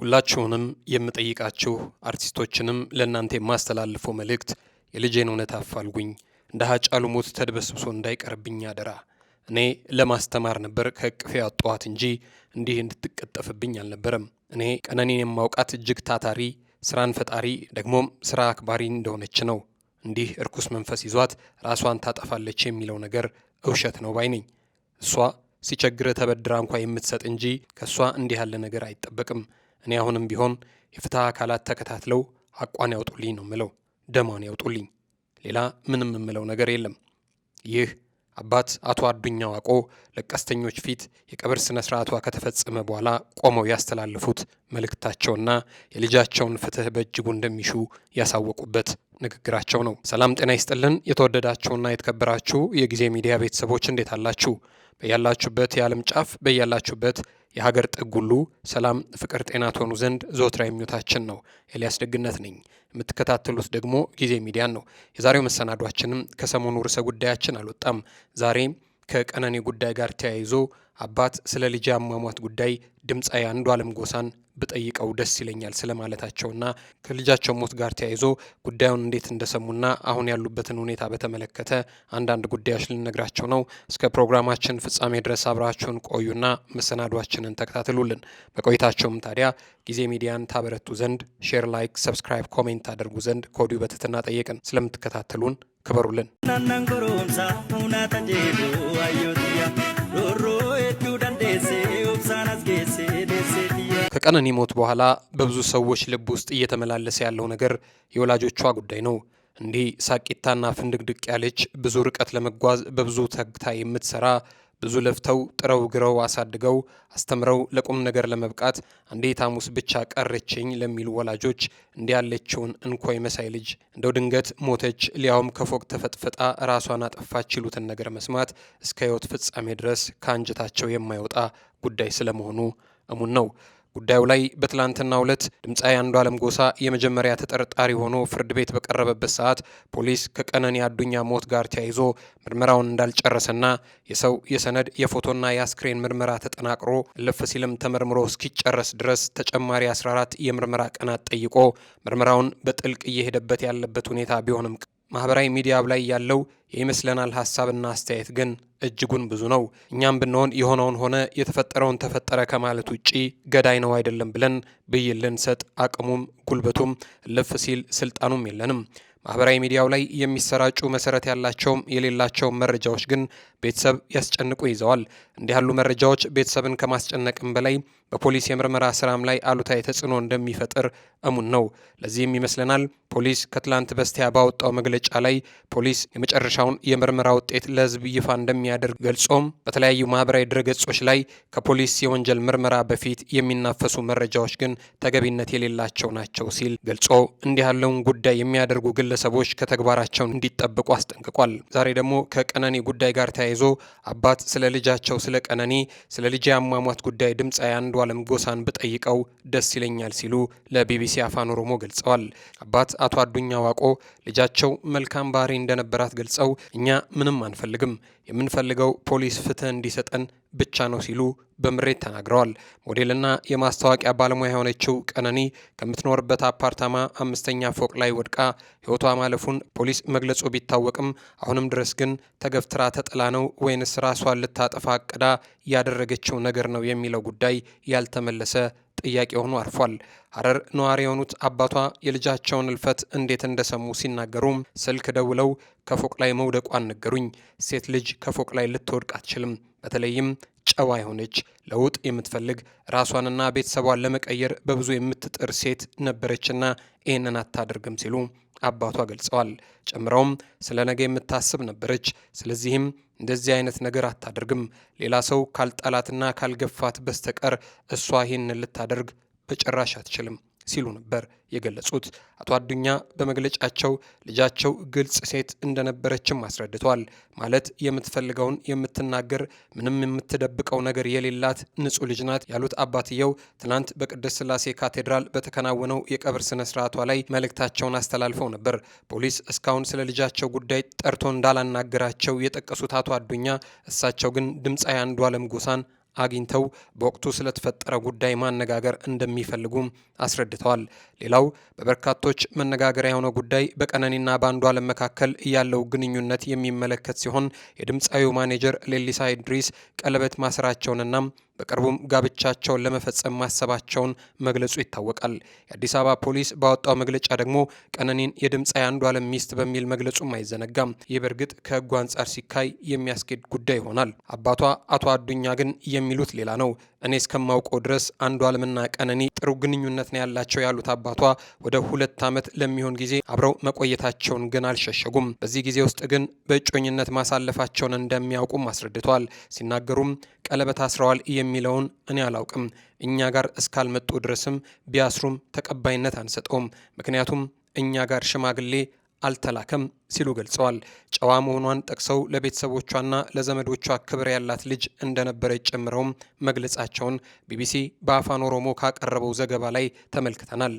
ሁላችሁንም የምጠይቃችሁ አርቲስቶችንም ለእናንተ የማስተላልፈው መልእክት የልጄን እውነት አፋልጉኝ፣ እንደ ሀጫሉ ሞት ተድበስብሶ እንዳይቀርብኝ አደራ። እኔ ለማስተማር ነበር ከእቅፌ አጠዋት እንጂ እንዲህ እንድትቀጠፍብኝ አልነበረም። እኔ ቀነኔን የማውቃት እጅግ ታታሪ ስራን ፈጣሪ ደግሞም ስራ አክባሪ እንደሆነች ነው። እንዲህ እርኩስ መንፈስ ይዟት ራሷን ታጠፋለች የሚለው ነገር እውሸት ነው ባይ ነኝ። እሷ ሲቸግረ ተበድራ እንኳ የምትሰጥ እንጂ ከእሷ እንዲህ ያለ ነገር አይጠበቅም። እኔ አሁንም ቢሆን የፍትህ አካላት ተከታትለው አቋን ያውጡልኝ ነው ምለው፣ ደሟን ያውጡልኝ። ሌላ ምንም የምለው ነገር የለም። ይህ አባት አቶ አዱኛ ዋቆ ለቀስተኞች ፊት የቀብር ስነ ስርዓቷ ከተፈጸመ በኋላ ቆመው ያስተላለፉት መልእክታቸውና የልጃቸውን ፍትህ በእጅጉ እንደሚሹ ያሳወቁበት ንግግራቸው ነው። ሰላም ጤና ይስጥልን። የተወደዳችሁና የተከበራችሁ የጊዜ ሚዲያ ቤተሰቦች እንዴት አላችሁ? በያላችሁበት የዓለም ጫፍ በያላችሁበት የሀገር ጥግ ሁሉ ሰላም፣ ፍቅር፣ ጤና ትሆኑ ዘንድ ዘወትር ምኞታችን ነው። ኤልያስ ደግነት ነኝ። የምትከታተሉት ደግሞ ጊዜ ሚዲያን ነው። የዛሬው መሰናዷችንም ከሰሞኑ ርዕሰ ጉዳያችን አልወጣም። ዛሬ ከቀነኒ ጉዳይ ጋር ተያይዞ አባት ስለ ልጅ አሟሟት ጉዳይ ድምፃዊ አንዷለም ጎሳን ብጠይቀው ደስ ይለኛል ስለማለታቸውና ከልጃቸው ሞት ጋር ተያይዞ ጉዳዩን እንዴት እንደሰሙና አሁን ያሉበትን ሁኔታ በተመለከተ አንዳንድ ጉዳዮች ልነግራቸው ነው። እስከ ፕሮግራማችን ፍጻሜ ድረስ አብራችሁን ቆዩና መሰናዷችንን ተከታትሉልን። በቆይታቸውም ታዲያ ጊዜ ሚዲያን ታበረቱ ዘንድ ሼር፣ ላይክ፣ ሰብስክራይብ፣ ኮሜንት አድርጉ ዘንድ ከወዲሁ በትህትና ጠየቅን። ስለምትከታተሉን ክበሩልን። ከቀነኒ ሞት በኋላ በብዙ ሰዎች ልብ ውስጥ እየተመላለሰ ያለው ነገር የወላጆቿ ጉዳይ ነው። እንዲህ ሳቂታና ፍንድቅድቅ ያለች ብዙ ርቀት ለመጓዝ በብዙ ተግታ የምትሰራ ብዙ ለፍተው ጥረው ግረው አሳድገው አስተምረው ለቁም ነገር ለመብቃት አንዲት ሐሙስ ብቻ ቀረችኝ ለሚሉ ወላጆች እንዲያለችውን እንኮይ መሳይ ልጅ እንደው ድንገት ሞተች፣ ሊያውም ከፎቅ ተፈጥፍጣ ራሷን አጠፋች ይሉትን ነገር መስማት እስከ ሕይወት ፍጻሜ ድረስ ከአንጀታቸው የማይወጣ ጉዳይ ስለመሆኑ እሙን ነው። ጉዳዩ ላይ በትላንትና ዕለት ድምፃዊ አለም ጎሳ የመጀመሪያ ተጠርጣሪ ሆኖ ፍርድ ቤት በቀረበበት ሰዓት ፖሊስ ከቀነኒ አዱኛ ሞት ጋር ተያይዞ ምርመራውን እንዳልጨረሰና የሰው የሰነድ የፎቶና የአስክሬን ምርመራ ተጠናቅሮ እልፍ ሲልም ተመርምሮ እስኪጨረስ ድረስ ተጨማሪ 14 የምርመራ ቀናት ጠይቆ ምርመራውን በጥልቅ እየሄደበት ያለበት ሁኔታ ቢሆንም ማህበራዊ ሚዲያ ላይ ያለው የይመስለናል ሀሳብና አስተያየት ግን እጅጉን ብዙ ነው። እኛም ብንሆን የሆነውን ሆነ የተፈጠረውን ተፈጠረ ከማለት ውጪ ገዳይ ነው አይደለም ብለን ብይን ልንሰጥ አቅሙም ጉልበቱም ልፍ ሲል ስልጣኑም የለንም። ማህበራዊ ሚዲያው ላይ የሚሰራጩ መሰረት ያላቸውም የሌላቸውም መረጃዎች ግን ቤተሰብ ያስጨንቁ ይዘዋል። እንዲህ ያሉ መረጃዎች ቤተሰብን ከማስጨነቅም በላይ በፖሊስ የምርመራ ስራም ላይ አሉታዊ ተጽዕኖ እንደሚፈጥር እሙን ነው። ለዚህም ይመስለናል ፖሊስ ከትላንት በስቲያ ባወጣው መግለጫ ላይ ፖሊስ የመጨረሻውን የምርመራ ውጤት ለህዝብ ይፋ እንደሚያደርግ ገልጾም በተለያዩ ማህበራዊ ድረገጾች ላይ ከፖሊስ የወንጀል ምርመራ በፊት የሚናፈሱ መረጃዎች ግን ተገቢነት የሌላቸው ናቸው ሲል ገልጾ እንዲህ ያለውን ጉዳይ የሚያደርጉ ግለሰቦች ከተግባራቸው እንዲጠብቁ አስጠንቅቋል። ዛሬ ደግሞ ከቀነኒ ጉዳይ ጋር ተያይዞ ተያይዞ አባት ስለ ልጃቸው ስለ ቀነኒ ስለ ልጅ አሟሟት ጉዳይ ድምፃዊ አንዷለም ጎሳን ብጠይቀው ደስ ይለኛል ሲሉ ለቢቢሲ አፋን ኦሮሞ ገልጸዋል። አባት አቶ አዱኛ ዋቆ ልጃቸው መልካም ባህሪ እንደነበራት ገልጸው እኛ ምንም አንፈልግም፣ የምንፈልገው ፖሊስ ፍትህ እንዲሰጠን ብቻ ነው ሲሉ በምሬት ተናግረዋል። ሞዴልና የማስታወቂያ ባለሙያ የሆነችው ቀነኒ ከምትኖርበት አፓርታማ አምስተኛ ፎቅ ላይ ወድቃ ሕይወቷ ማለፉን ፖሊስ መግለጹ ቢታወቅም አሁንም ድረስ ግን ተገፍትራ ተጥላ ነው ወይንስ ራሷን ልታጠፋ አቅዳ ያደረገችው ነገር ነው የሚለው ጉዳይ ያልተመለሰ ጥያቄ ሆኖ አርፏል። ሀረር ነዋሪ የሆኑት አባቷ የልጃቸውን እልፈት እንዴት እንደሰሙ ሲናገሩም ስልክ ደውለው ከፎቅ ላይ መውደቋን ነገሩኝ። ሴት ልጅ ከፎቅ ላይ ልትወድቅ አትችልም፣ በተለይም ጨዋ የሆነች ለውጥ የምትፈልግ ራሷንና ቤተሰቧን ለመቀየር በብዙ የምትጥር ሴት ነበረችና ይህንን አታደርግም ሲሉ አባቷ ገልጸዋል። ጨምረውም ስለ ነገ የምታስብ ነበረች። ስለዚህም እንደዚህ አይነት ነገር አታደርግም። ሌላ ሰው ካልጠላትና ካልገፋት በስተቀር እሷ ይህን ልታደርግ በጭራሽ አትችልም። ሲሉ ነበር የገለጹት። አቶ አዱኛ በመግለጫቸው ልጃቸው ግልጽ ሴት እንደነበረችም አስረድተዋል። ማለት የምትፈልገውን የምትናገር፣ ምንም የምትደብቀው ነገር የሌላት ንጹህ ልጅ ናት ያሉት አባትየው ትናንት በቅድስት ስላሴ ካቴድራል በተከናወነው የቀብር ስነ ስርዓቷ ላይ መልእክታቸውን አስተላልፈው ነበር። ፖሊስ እስካሁን ስለ ልጃቸው ጉዳይ ጠርቶ እንዳላናገራቸው የጠቀሱት አቶ አዱኛ እሳቸው ግን ድምፃዊ አለም ጎሳን አግኝተው በወቅቱ ስለተፈጠረ ጉዳይ ማነጋገር እንደሚፈልጉም አስረድተዋል። ሌላው በበርካቶች መነጋገሪያ የሆነ ጉዳይ በቀነኒና በአንዱዓለም መካከል ያለው ግንኙነት የሚመለከት ሲሆን የድምፃዊው ማኔጀር ሌሊሳ ኢድሪስ ቀለበት ማሰራቸውንና በቅርቡም ጋብቻቸውን ለመፈጸም ማሰባቸውን መግለጹ ይታወቃል። የአዲስ አበባ ፖሊስ ባወጣው መግለጫ ደግሞ ቀነኒን የድምፃዊ አንዷለም ሚስት በሚል መግለጹም አይዘነጋም። ይህ በእርግጥ ከህጉ አንጻር ሲካይ የሚያስኬድ ጉዳይ ይሆናል። አባቷ አቶ አዱኛ ግን የሚሉት ሌላ ነው። እኔ እስከማውቀው ድረስ አንዷለምና ቀነኒ ጥሩ ግንኙነት ነው ያላቸው ያሉት አባቷ ወደ ሁለት ዓመት ለሚሆን ጊዜ አብረው መቆየታቸውን ግን አልሸሸጉም። በዚህ ጊዜ ውስጥ ግን በእጮኝነት ማሳለፋቸውን እንደሚያውቁም አስረድተዋል። ሲናገሩም ቀለበት አስረዋል የሚለውን እኔ አላውቅም። እኛ ጋር እስካልመጡ ድረስም ቢያስሩም ተቀባይነት አንሰጠውም፣ ምክንያቱም እኛ ጋር ሽማግሌ አልተላከም ሲሉ ገልጸዋል። ጨዋ መሆኗን ጠቅሰው ለቤተሰቦቿና ለዘመዶቿ ክብር ያላት ልጅ እንደነበረች ጨምረውም መግለጻቸውን ቢቢሲ በአፋን ኦሮሞ ካቀረበው ዘገባ ላይ ተመልክተናል።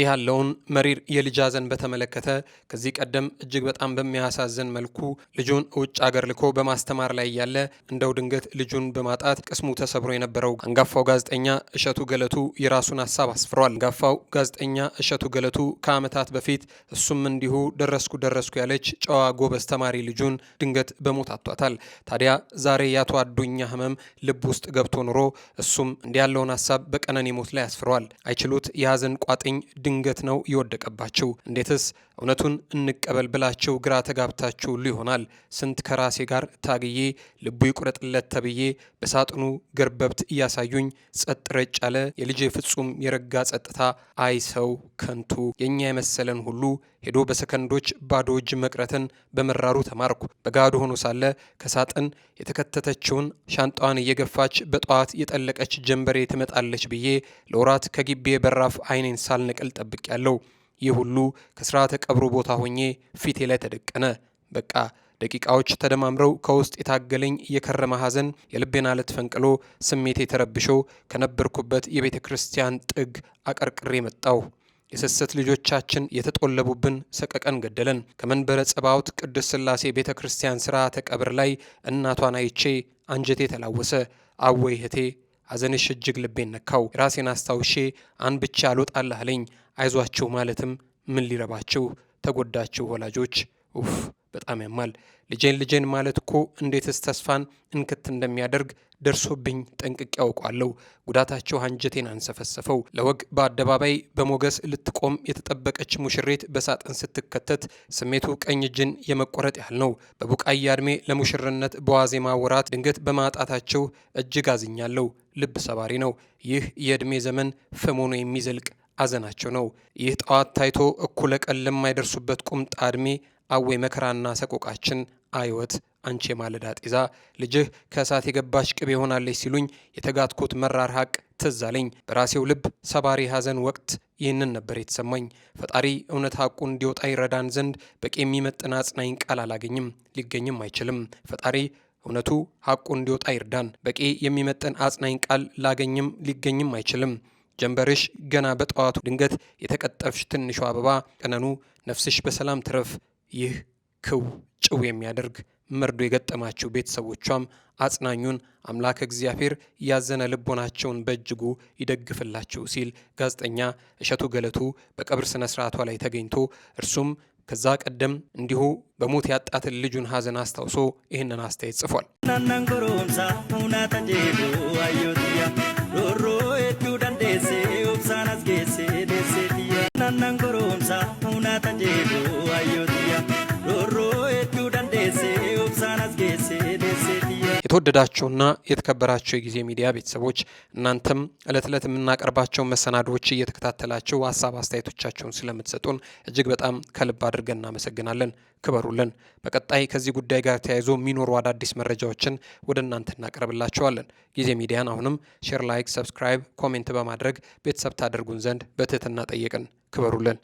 እንዲህ ያለውን መሪር የልጅ ሐዘን በተመለከተ ከዚህ ቀደም እጅግ በጣም በሚያሳዝን መልኩ ልጁን ውጭ አገር ልኮ በማስተማር ላይ ያለ እንደው ድንገት ልጁን በማጣት ቅስሙ ተሰብሮ የነበረው አንጋፋው ጋዜጠኛ እሸቱ ገለቱ የራሱን ሀሳብ አስፍሯል። አንጋፋው ጋዜጠኛ እሸቱ ገለቱ ከዓመታት በፊት እሱም እንዲሁ ደረስኩ ደረስኩ ያለች ጨዋ ጎበዝ ተማሪ ልጁን ድንገት በሞት አጥቷታል። ታዲያ ዛሬ ያቶ አዱኛ ህመም ልብ ውስጥ ገብቶ ኑሮ እሱም እንዲህ ያለውን ሀሳብ በቀነኒ ሞት ላይ አስፍሯል። አይችሉት የሀዘን ቋጥኝ ድንገት ነው የወደቀባችሁ? እንዴትስ እውነቱን እንቀበል ብላችሁ ግራ ተጋብታችሁ ሁሉ ይሆናል። ስንት ከራሴ ጋር ታግዬ ልቡ ይቁረጥለት ተብዬ በሳጥኑ ገርበብት እያሳዩኝ ጸጥ ረጭ ያለ የልጄ ፍጹም የረጋ ጸጥታ አይ ሰው ከንቱ የእኛ የመሰለን ሁሉ ሄዶ በሰከንዶች ባዶ እጅ መቅረትን በመራሩ ተማርኩ። በጋዶ ሆኖ ሳለ ከሳጥን የተከተተችውን ሻንጣዋን እየገፋች በጠዋት የጠለቀች ጀንበሬ ትመጣለች ብዬ ለወራት ከግቢ በራፍ አይኔን ሳልነቅል ጠብቅ ያለው ይህ ሁሉ ከስርዓተ ቀብሩ ቦታ ሆኜ ፊቴ ላይ ተደቀነ። በቃ ደቂቃዎች ተደማምረው ከውስጥ የታገለኝ የከረመ ሐዘን የልቤን አለት ፈንቅሎ ስሜቴ ተረብሾ ከነበርኩበት የቤተ ክርስቲያን ጥግ አቀርቅሬ መጣሁ። የሰሰት ልጆቻችን የተጦለቡብን ሰቀቀን ገደለን። ከመንበረ ጸባዖት ቅድስት ሥላሴ ቤተ ክርስቲያን ሥርዓተ ቀብር ላይ እናቷን አይቼ አንጀቴ ተላወሰ። አወይ እህቴ ሐዘንሽ እጅግ ልቤን ነካው። ራሴን አስታውሼ ብቻ አልወጣልህ አለኝ። አይዟችሁ ማለትም ምን ሊረባችሁ፣ ተጎዳችሁ ወላጆች። ኡፍ በጣም ያማል። ልጄን ልጄን ማለት እኮ እንዴትስ ተስፋን እንክት እንደሚያደርግ ደርሶብኝ ጠንቅቄ ያውቋለሁ። ጉዳታቸው አንጀቴን አንሰፈሰፈው። ለወግ በአደባባይ በሞገስ ልትቆም የተጠበቀች ሙሽሬት በሳጥን ስትከተት ስሜቱ ቀኝ እጅን የመቆረጥ ያህል ነው። በቡቃያ እድሜ ለሙሽርነት በዋዜማ ወራት ድንገት በማጣታቸው እጅግ አዝኛለሁ። ልብ ሰባሪ ነው። ይህ የዕድሜ ዘመን ፈሞኖ የሚዘልቅ አዘናቸው ነው። ይህ ጠዋት ታይቶ እኩለ ቀን ለማይደርሱበት ቁምጣ እድሜ አወይ መከራና ሰቆቃችን አይወት አንቺ የማለዳ ጤዛ ልጅህ ከእሳት የገባች ቅቤ ሆናለች ሲሉኝ የተጋትኩት መራር ሀቅ ትዛለኝ። በራሴው ልብ ሰባሪ ሀዘን ወቅት ይህንን ነበር የተሰማኝ። ፈጣሪ እውነት ሀቁ እንዲወጣ ይረዳን ዘንድ በቂ የሚመጥን አጽናኝ ቃል አላገኝም፣ ሊገኝም አይችልም። ፈጣሪ እውነቱ ሀቁ እንዲወጣ ይርዳን። በቂ የሚመጥን አጽናኝ ቃል ላገኝም ሊገኝም አይችልም። ጀንበርሽ ገና በጠዋቱ ድንገት የተቀጠፍሽ ትንሿ አበባ ቀነኑ ነፍስሽ በሰላም ትረፍ። ይህ ክው ጭው የሚያደርግ መርዶ የገጠማቸው ቤተሰቦቿም አጽናኙን አምላክ እግዚአብሔር ያዘነ ልቦናቸውን በእጅጉ ይደግፍላቸው ሲል ጋዜጠኛ እሸቱ ገለቱ በቀብር ስነ ስርዓቷ ላይ ተገኝቶ እርሱም ከዛ ቀደም እንዲሁ በሞት ያጣትን ልጁን ሀዘን አስታውሶ ይህንን አስተያየት ጽፏል። የተወደዳችሁና የተከበራችሁ የጊዜ ሚዲያ ቤተሰቦች እናንተም እለት እለት የምናቀርባቸውን መሰናዶዎች እየተከታተላችሁ ሀሳብ አስተያየቶቻችሁን ስለምትሰጡን እጅግ በጣም ከልብ አድርገን እናመሰግናለን። ክበሩልን። በቀጣይ ከዚህ ጉዳይ ጋር ተያይዞ የሚኖሩ አዳዲስ መረጃዎችን ወደ እናንተ እናቀርብላችኋለን። ጊዜ ሚዲያን አሁንም ሼር፣ ላይክ፣ ሰብስክራይብ፣ ኮሜንት በማድረግ ቤተሰብ ታደርጉን ዘንድ በትህትና ጠየቅን። ክበሩልን።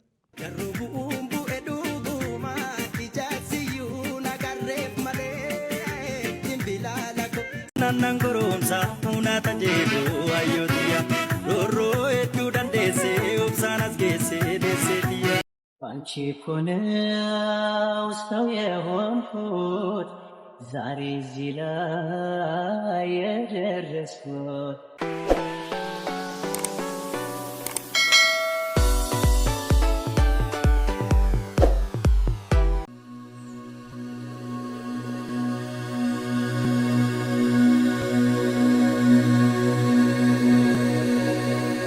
aannan goromsa humnaa tajeedu ayyoo xiyya roorroo hedduu dandeessee obsaan as geessee deessee xiyya. ባንቺ እኮ ነው ሰው የሆንኩት ዛሬ እዚህ ላይ የደረስኩት